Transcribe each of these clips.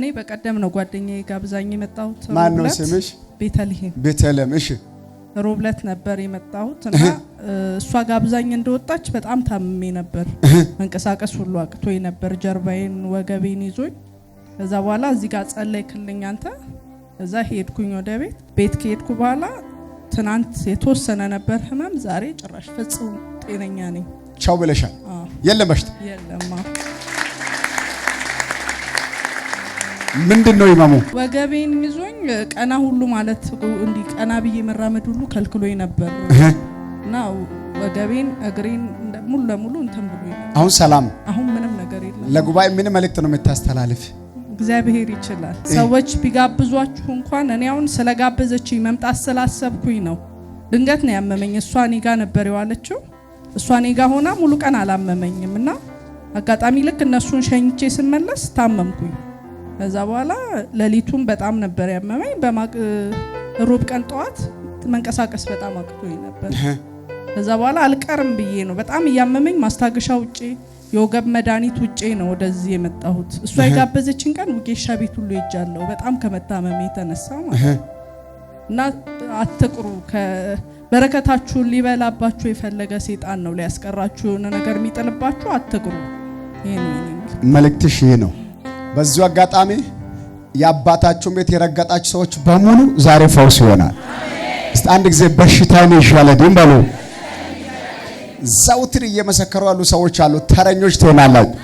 እኔ በቀደም ነው ጓደኛዬ ጋብዛኝ የመጣሁት። ማን ነው ስምሽ? ቤተልሔም። ቤተልሔም። እሺ ሮብለት ነበር የመጣሁት እና እሷ ጋብዛኝ እንደወጣች በጣም ታምሜ ነበር። መንቀሳቀስ ሁሉ አቅቶ ነበር። ጀርባዬን ወገቤን ይዞኝ ከዛ በኋላ እዚህ ጋር ጸለይክልኝ አንተ። እዛ ሄድኩኝ ወደ ቤት። ቤት ከሄድኩ በኋላ ትናንት የተወሰነ ነበር ህመም፣ ዛሬ ጭራሽ ፈጽሞ ጤነኛ ነኝ። ቻው ብለሻል? የለም በሽታ የለም። ምንድን ነው ይመሙ? ወገቤን ይዞኝ ቀና ሁሉ ማለት እንዲህ ቀና ብዬ መራመድ ሁሉ ከልክሎኝ ነበር እና ወገቤን እግሬን ሙሉ ለሙሉ እንትን ብሎኝ፣ አሁን ሰላም፣ አሁን ምንም ነገር የለም። ለጉባኤ ምን መልእክት ነው የምታስተላልፍ? እግዚአብሔር ይችላል። ሰዎች ቢጋብዟችሁ እንኳን እኔ አሁን ስለጋበዘችኝ መምጣት ስላሰብኩኝ ነው። ድንገት ነው ያመመኝ። እሷ እኔ ጋ ነበር የዋለችው። እሷ እኔ ጋ ሆና ሙሉ ቀን አላመመኝም እና አጋጣሚ ልክ እነሱን ሸኝቼ ስመለስ ታመምኩኝ። ከዛ በኋላ ሌሊቱን በጣም ነበር ያመመኝ። በማቅ ሩብ ቀን ጠዋት መንቀሳቀስ በጣም አቅቶኝ ነበር። ከዛ በኋላ አልቀርም ብዬ ነው በጣም እያመመኝ ማስታገሻ ውጭ የወገብ መድኃኒት ውጭ ነው ወደዚህ የመጣሁት። እሷ የጋበዘችን ቀን ውጌሻ ቤት ሁሉ ሄጃለሁ፣ በጣም ከመታመም የተነሳ ማለት እና አትቅሩ፣ በረከታችሁን ሊበላባችሁ የፈለገ ሴጣን ነው ሊያስቀራችሁ የሆነ ነገር የሚጥልባችሁ አትቅሩ። ነው መልእክትሽ ይሄ ነው። በዚሁ አጋጣሚ የአባታችሁን ቤት የረገጣችሁ ሰዎች በሙሉ ዛሬ ፈውስ ይሆናል። እስቲ አንድ ጊዜ በሽታ ነው ይሻለ ይሻላል በሉ። ዘውትር እየመሰከሩ ያሉ ሰዎች አሉ። ተረኞች ትሆናላችሁ።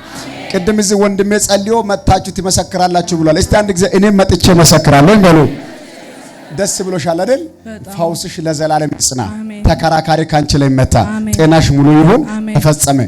ቅድም እዚህ ወንድሜ ጸልዮ መታችሁ ትመሰክራላችሁ ብሏል። እስቲ አንድ ጊዜ እኔም መጥቼ መሰክራለሁ በሉ። ደስ ብሎሻል አይደል? ፈውስሽ ለዘላለም ይጽና። ተከራካሪ ካንቺ ላይ መታ። ጤናሽ ሙሉ ይሁን። ተፈጸመ።